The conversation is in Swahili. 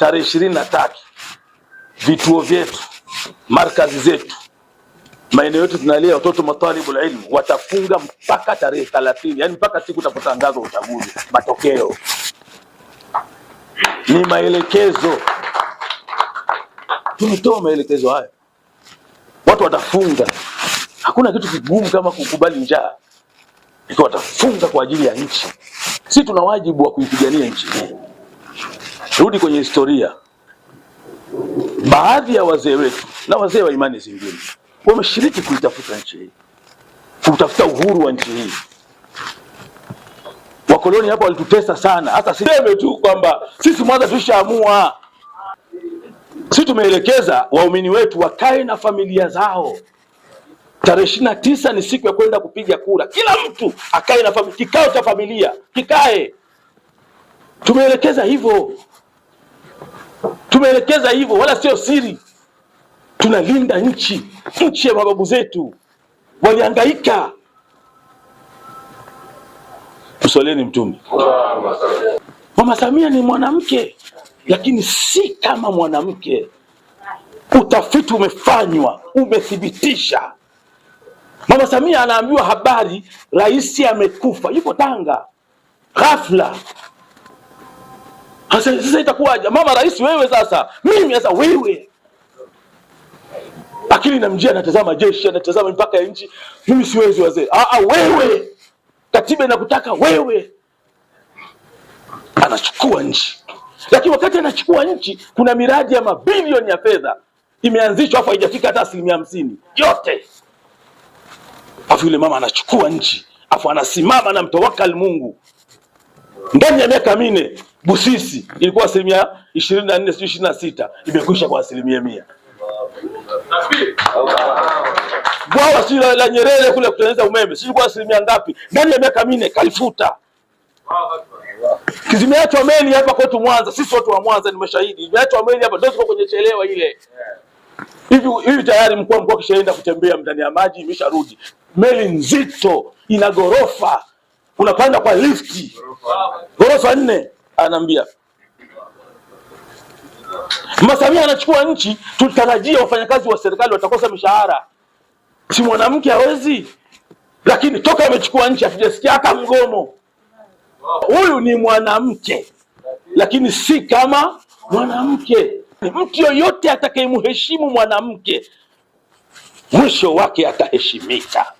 tarehe ishirini na tatu vituo vyetu markazi zetu maeneo yetu tunalia watoto matalibu ilmu watafunga mpaka tarehe 30, yani mpaka siku utapotangazwa uchaguzi matokeo. Ni maelekezo, tumetoa maelekezo haya, watu watafunga. Hakuna kitu kigumu kama kukubali njaa, ikiwa watafunga kwa ajili ya nchi. si tuna wajibu wa kuipigania nchi hii rudi kwenye historia. Baadhi ya wazee wetu na wazee wa imani zingine wameshiriki kuitafuta nchi hii, kutafuta uhuru wa nchi hii. Wakoloni hapo walitutesa sana. Hata siseme tu kwamba sisi Mwanza tulishaamua, sisi tumeelekeza waumini wetu wakae na familia zao. Tarehe ishirini na tisa ni siku ya kwenda kupiga kura, kila mtu akae na familia, kikao cha familia kikae. Tumeelekeza hivyo tumeelekeza hivyo, wala sio siri. Tunalinda nchi, nchi ya mababu zetu, walihangaika. Msoleni Mtume. Mama Samia ni mwanamke, lakini si kama mwanamke. Utafiti umefanywa umethibitisha. Mama Samia anaambiwa habari, rais amekufa, yuko Tanga, ghafla sasa, sasa itakuwaje? Mama rais wewe sasa, mimi sasa wewe. Akili namjia anatazama jeshi, anatazama mipaka ya nchi. Mimi siwezi wazee. Ah ah, wewe. Katiba inakutaka wewe. Anachukua nchi. Lakini wakati anachukua nchi kuna miradi ya mabilioni ya fedha imeanzishwa hapo haijafika hata asilimia hamsini yote. Afu yule mama anachukua nchi, afu anasimama na mtawakal Mungu ndani ya miaka minne Busisi ilikuwa asilimia ishirini na nne sijui ishirini na sita imekwisha kwa asilimia mia. Bwawa sijui la Nyerere kule kutengeneza umeme sijui kwa asilimia ngapi, ndani ya miaka minne kalifuta. Zimeachwa meli hapa kwetu Mwanza, sisi watu wa Mwanza ni mashahidi, zimeachwa meli hapa, ndio ziko kwenye chelewa ile hivi hivi. Tayari mkuu mkuu kishaenda kutembea ndani ya maji, imesharudi meli nzito, ina ghorofa, unapanda kwa lifti, ghorofa nne anaambia Masamia anachukua nchi, tutarajia wafanyakazi wa serikali watakosa mishahara. Si mwanamke hawezi, lakini toka amechukua nchi hatujasikia hata mgomo. Huyu ni mwanamke, lakini si kama mwanamke. Mtu yoyote atakayemheshimu mwanamke, mwisho wake ataheshimika.